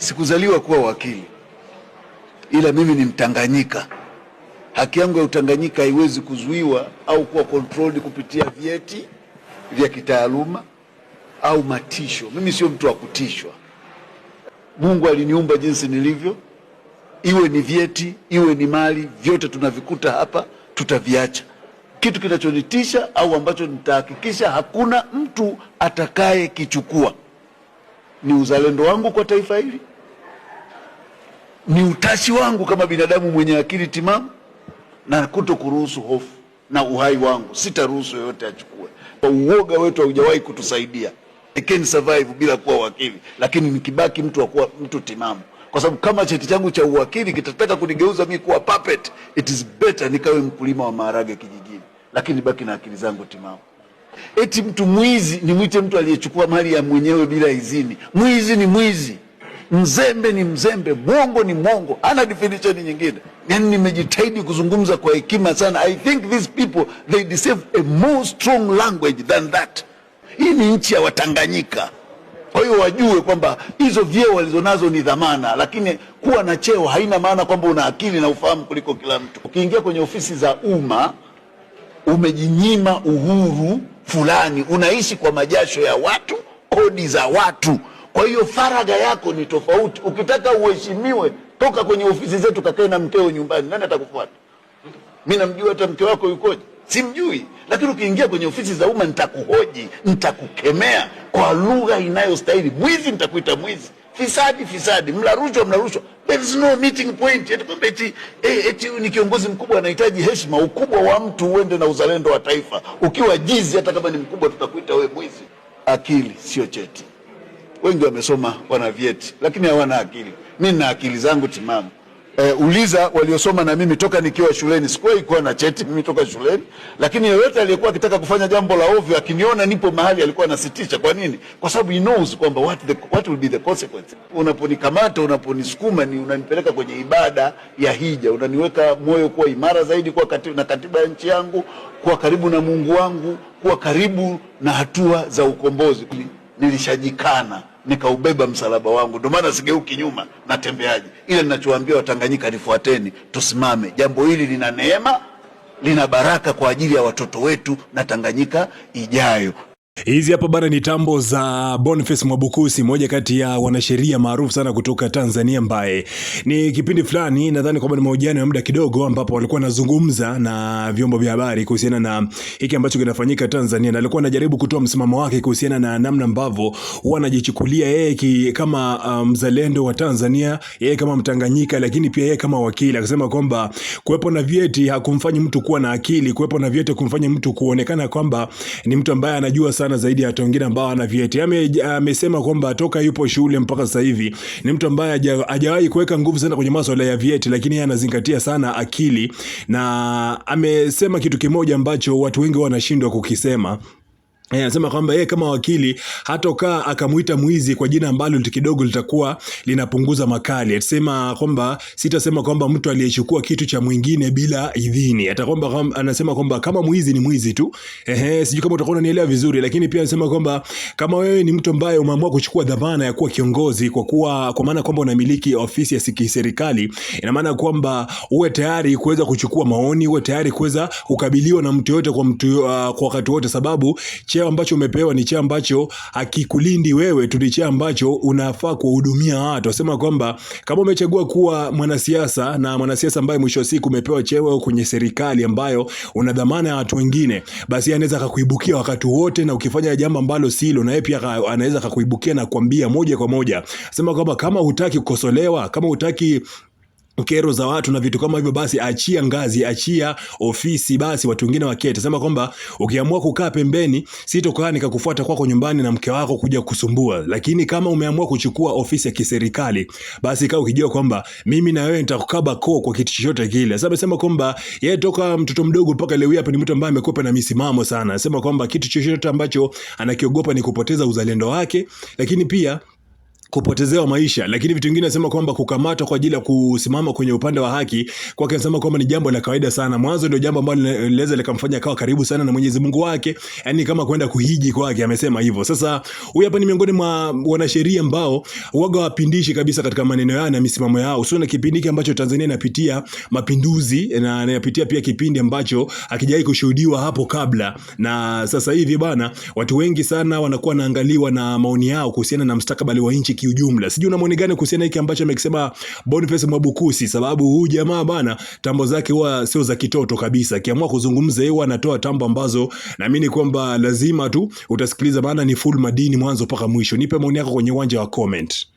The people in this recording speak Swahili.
Sikuzaliwa kuwa wakili, ila mimi ni Mtanganyika. Haki yangu ya utanganyika haiwezi kuzuiwa au kuwa controlled kupitia vyeti vya kitaaluma au matisho. Mimi sio mtu wa kutishwa. Mungu aliniumba jinsi nilivyo, iwe ni vyeti, iwe ni mali, vyote tunavikuta hapa, tutaviacha. Kitu kinachonitisha au ambacho nitahakikisha hakuna mtu atakaye kichukua ni uzalendo wangu kwa taifa hili ni utashi wangu kama binadamu mwenye akili timamu na kuto kuruhusu hofu na uhai wangu, sitaruhusu yoyote achukue. Uoga wetu haujawahi kutusaidia. I can survive bila kuwa wakili, lakini nikibaki mtu akuwa mtu timamu, kwa sababu kama cheti changu cha uwakili kitataka kunigeuza mimi kuwa puppet, it is better nikawe mkulima wa maharage kijijini, lakini baki na akili zangu timamu. Eti mtu mwizi nimwite mtu aliyechukua mali ya mwenyewe bila idhini? Mwizi ni mwizi. Mzembe ni mzembe, mwongo ni mwongo, ana definition nyingine. Yani nimejitahidi kuzungumza kwa hekima sana. I think these people they deserve a more strong language than that. Hii ni nchi ya Watanganyika, kwa hiyo wajue kwamba hizo vyeo walizonazo ni dhamana, lakini kuwa na cheo haina maana kwamba una akili na ufahamu kuliko kila mtu. Ukiingia kwenye ofisi za umma umejinyima uhuru fulani, unaishi kwa majasho ya watu, kodi za watu. Kwa hiyo faragha yako ni tofauti. Ukitaka uheshimiwe, toka kwenye ofisi zetu, kakae na mkeo nyumbani. Nani atakufuata? Mimi namjua hata mke wako yukoje? Simjui, lakini ukiingia kwenye ofisi za umma nitakuhoji, nitakukemea kwa lugha inayostahili. Mwizi nitakuita mwizi, fisadi fisadi, mla rushwa mla rushwa. There is no meeting point. Eti kwamba eti eh, eti ni kiongozi mkubwa anahitaji heshima. Ukubwa wa mtu uende na uzalendo wa taifa. Ukiwa jizi, hata kama ni mkubwa, tutakuita we mwizi. Akili sio cheti wengi wamesoma, wana vyeti lakini hawana akili. Mimi na akili zangu timamu. E, uliza waliosoma na mimi toka nikiwa shuleni, sikuwahi kuwa na cheti mimi toka shuleni, lakini yeyote aliyekuwa akitaka kufanya jambo la ovyo akiniona nipo mahali alikuwa anasitisha. Kwa nini? Kwa sababu he knows kwamba what the, what will be the consequence. Unaponikamata, unaponisukuma ni unanipeleka kwenye ibada ya hija, unaniweka moyo kuwa imara zaidi, kuwa katiba, na katiba ya nchi yangu, kuwa karibu na Mungu wangu, kuwa karibu na hatua za ukombozi. Nilishajikana nikaubeba msalaba wangu, ndio maana sigeuki nyuma, natembeaje? Ile ninachowaambia Watanganyika, nifuateni, tusimame. Jambo hili lina neema, lina baraka kwa ajili ya watoto wetu na Tanganyika ijayo. Hizi hapa bana ni tambo za Boniface Mwabukusi, moja kati ya wanasheria maarufu sana kutoka Tanzania, mbaye ni kipindi fulani nadhani kwamba ni mahojiano ya muda kidogo, ambapo alikuwa anazungumza na vyombo vya habari kuhusiana na hiki ambacho kinafanyika Tanzania, na alikuwa anajaribu kutoa msimamo wake kuhusiana na namna ambavyo wanajichukulia yeye kama uh, mzalendo um, wa Tanzania, yeye kama Mtanganyika, lakini pia yeye kama wakili, akasema kwamba kuwepo na vyeti hakumfanyi mtu kuwa na akili, kuwepo na vyeti kumfanya mtu kuonekana kwamba ni mtu ambaye anajua sana sana zaidi ya watu wengine ambao wana vyeti. Amesema kwamba toka yupo shule mpaka sasa hivi ni mtu ambaye hajawahi kuweka nguvu sana kwenye masuala ya vyeti, lakini yeye anazingatia sana akili, na amesema kitu kimoja ambacho watu wengi wanashindwa kukisema Eh, anasema kwamba yeye kama wakili hatokaa akamwita mwizi kwa jina ambalo kidogo litakuwa linapunguza makali. Atasema kwamba sitasema kwamba mtu aliyechukua kitu cha mwingine bila idhini. Atakwamba anasema kwamba kama mwizi ni mwizi tu. Ehe, sijui kama utakuwa unanielewa vizuri, lakini pia anasema kwamba kama wewe ni mtu ambaye umeamua kuchukua dhamana ya kuwa kiongozi kwa kuwa kwa maana kwamba unamiliki ofisi ya kiserikali, ina maana kwamba uwe tayari kuweza kuchukua maoni, uwe tayari kuweza kukabiliwa na mtu yote kwa mtu, uh, kwa wakati wote sababu cheo ambacho umepewa ni cheo ambacho hakikulindi wewe tu, ni cheo ambacho unafaa kuhudumia watu. Wasema kwamba kama umechagua kuwa mwanasiasa na mwanasiasa ambaye mwisho wa siku umepewa cheo kwenye serikali ambayo una dhamana ya watu wengine, basi anaweza akakuibukia wakati wote, na ukifanya jambo ambalo silo, na yeye pia anaweza akakuibukia na kukwambia moja kwa moja. Sema kwamba kama hutaki kukosolewa, kama hutaki kero za watu na vitu kama hivyo, basi achia ngazi, achia ofisi, basi watu wengine wakete. Sema kwamba ukiamua kukaa pembeni, sitokaa nikakufuata kwako nyumbani na mke wako kuja kusumbua, lakini kama umeamua kuchukua ofisi ya kiserikali, basi kaa ukijua kwamba mimi na wewe nitakukaba koo kwa kitu chochote kile. Sasa sema kwamba yeye toka mtoto mdogo mpaka leo hapa ni mtu ambaye amekopa na misimamo sana, sema kwamba kitu chochote ambacho anakiogopa ni kupoteza uzalendo wake, lakini pia kupotezewa maisha, lakini vitu vingine nasema kwamba kukamatwa kwa ajili ya kusimama kwenye upande wa haki kwake, anasema kwamba ni jambo la kawaida sana. Mwanzo ndio jambo ambalo linaweza likamfanya akawa karibu sana na Mwenyezi Mungu wake, yani kama kwenda kuhiji kwake, amesema hivyo. Sasa huyu hapa ni miongoni mwa wanasheria ambao waga wapindishi kabisa katika maneno yao na misimamo yao, sio na kipindi ambacho Tanzania inapitia mapinduzi na inapitia pia kipindi ambacho hakijawahi kushuhudiwa hapo kabla, na sasa hivi bana, watu wengi sana wanakuwa naangaliwa na maoni yao kuhusiana na mstakabali wa nchi kiujumla. Sijui maoni gani kuhusiana hiki ambacho amekisema Boniface Mwabukusi, sababu huyu jamaa bana, tambo zake huwa sio za kitoto kabisa. Akiamua kuzungumza yeye anatoa tambo ambazo naamini kwamba lazima tu utasikiliza, maana ni full madini mwanzo mpaka mwisho. Nipe maoni yako kwenye uwanja wa comment.